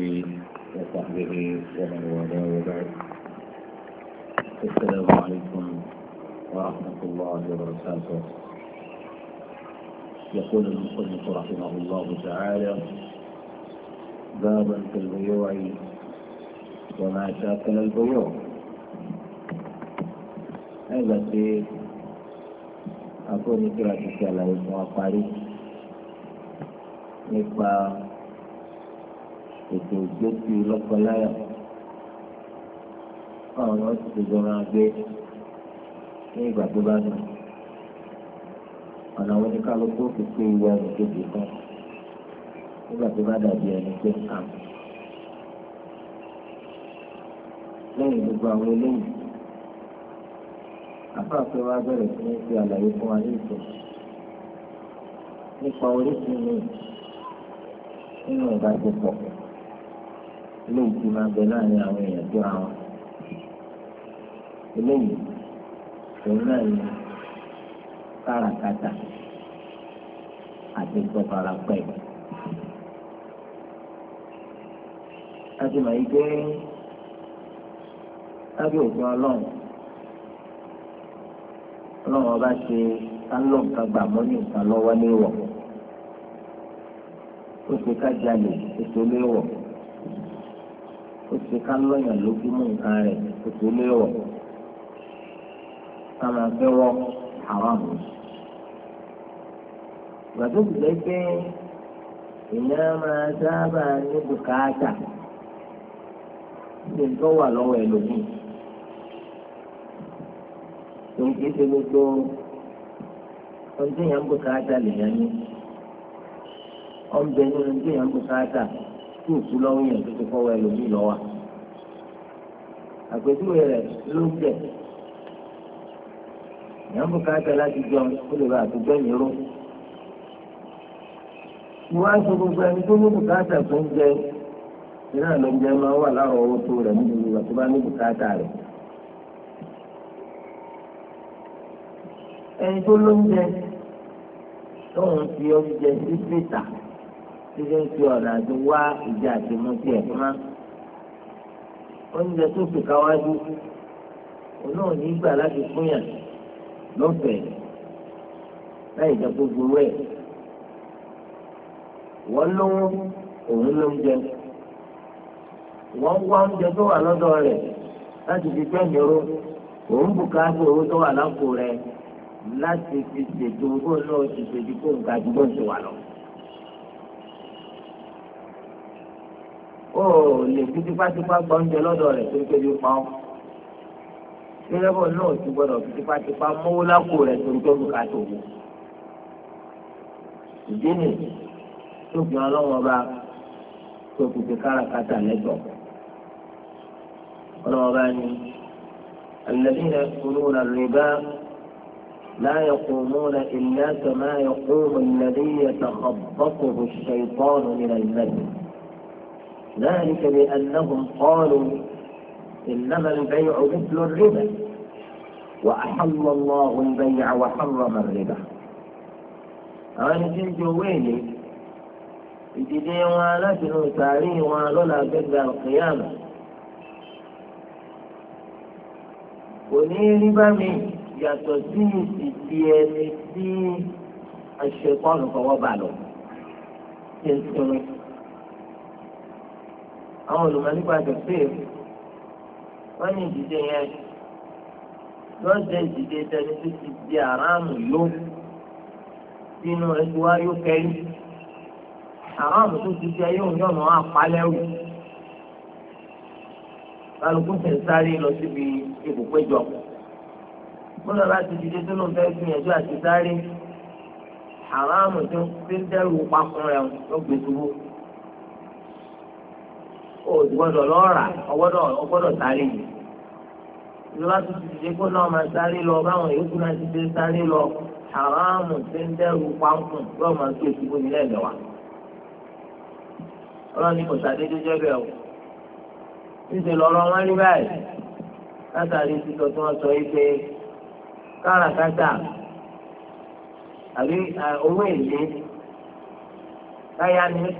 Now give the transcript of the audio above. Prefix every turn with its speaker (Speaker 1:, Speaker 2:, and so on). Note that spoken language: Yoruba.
Speaker 1: وصحبه ومن والاه وبعد السلام عليكم ورحمة الله وبركاته يقول المصنف رحمه الله تعالى بابا في البيوع وما شاكل البيوع هذا في أقول كراتك على المواقع نقبل ètò ìgbésí lọ́kọláyà fáwọn ọmọ ti ti jọra gbé ní ìgbà tó bá nù ọ̀nà àwọn oníkálukú fi pé ìwé ẹni kan nígbà tó bá dàbí ẹni pé ká. lẹ́yìn gbogbo àwọn eléyìí àfáàfẹ́ wa bẹ̀rẹ̀ sí ní fi àlàyé fún wa ní ìtọ́ nípa nínú ìbáṣepọ̀. eléyìí ti máa bẹ láàrin àwọn èèyàn tó ra wọn eléyìí òun náà ní káràkátà àti ìtọ́farapẹ́ láti máa yí pé lábẹ́ òfin ọlọ́run ọlọ́run ọba ṣe kálọ̀ǹkà gbà mọ́ ní nǹkan léwọ̀ ó ṣe kájà lè ètò léwọ̀ kò sí ká lọ́yàn lójú mú nǹkan rẹ̀ kò léwọ̀ ká máa fẹ́ wọ́ haram. gbàdúrà ti lè pé èèyàn máa sábà ní bùkátà ṣe ń tọ́ wà lọ́wọ́ ẹlòmíì. tòun kìí ṣe gbogbo ohun tí èèyàn ń bùkátà lèèyàn ní. ọ̀nbẹ nínú tí èèyàn ń bùkátà tí òkú lọ́wọ́ yẹn tó ti kọ́wọ́ ẹlòmíì lọ́wọ́ àpèjúwe rẹ̀ ló ń jẹ ìyàmbù káàtà láti jọ ó lè ba àtúgbẹ́ mi ró ìwà sọ gbogbo ẹni tó ní bùkátà tó ń jẹ ìran ló ń jẹ máa wà lárọ̀ọ́wọ́tó rẹ̀ níbi ìgbà tó bá ní bùkátà rẹ̀. ẹni tó lóúnjẹ tóun fi oúnjẹ sí síta. tí nke ń fi ọ̀nà àti wá ìjà àti mú oúnjẹ tó fi káwájú òun gbà láti fún yàn lọ́fẹ̀ẹ́ láì jẹ́ gbogbo gbowó wọ́n lówó òun ló ń jẹ. wọ́n wá oúnjẹ tó wà lọ́dọ̀ rẹ̀ láti fi gbẹ́mìí ró òun bùkátà owó tó wà lápò rẹ̀ láti fi ṣètò owó náà ṣètò nǹkan àdúgbò ó lè fi tipátipá gba oúnjẹ lọ́dọ̀ rẹ̀ tó ń tóbi pa ọ́. dírẹ́bọ̀ náà ti gbọ́dọ̀ fi tipátipá mówó lápò rẹ̀ tó ń tóbi ká tòwó. ìdí nì tó fi ọlọ́wọ́ bá tó fi fi káràkátà lẹ́tọ̀ọ́. ọlọ́wọ́ bá ní الذين يأكلون الربا لا يقومون إلا كما يقوم الذي يتخبطه الشيطان من المسجد ذلك بأنهم قالوا إنما البيع مثل الربا وأحل الله البيع وحرم الربا أنا جنت ويلي إتدي وعلاتنا تاري وعلنا قد القيامة وني ربا من يتسي ستية الشيطان فوضع له àwọn olùmọ̀ nípa tẹ̀síìr wọ́n ní ìdíje yẹn yóò jẹ́ ìdíje tẹni tó ti di àràmù yó sínú ẹgbẹ́ wa yóò kẹ́yìn àràmù tó ti di ayé òun yóò mọ̀ àpálẹ́wò kálukú tẹ̀ sáré lọ síbi ibùpéjọ múlò láti dìde tó ló ń fẹ́ gbìyànjú àti sáré àràmù tó ń dẹ́rù pakùn rẹ̀ ló gbèsè wò. ògbọ́dọ̀ lọ́ọ̀rà ọgbọ́dọ̀ sáré yìí ìjọba tó ti ṣe kó náà máa sáré lọ báwọn yòókù náà ti ṣe sáré lọ haramu ti ń dẹrù pankun yóò máa tó ìṣubú nílẹ̀ lẹ́wà. ọlọ́run ní kò sàdédé o. wọn